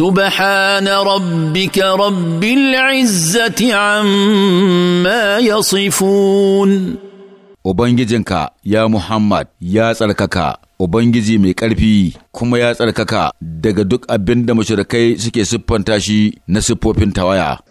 سبحان ربك رب العزة عما يصفون Ubangijinka, ya Muhammad, ya tsarkaka, Ubangiji mai ƙarfi kuma ya tsarkaka daga duk abin da mashirkai suke siffanta shi na siffofin tawaya.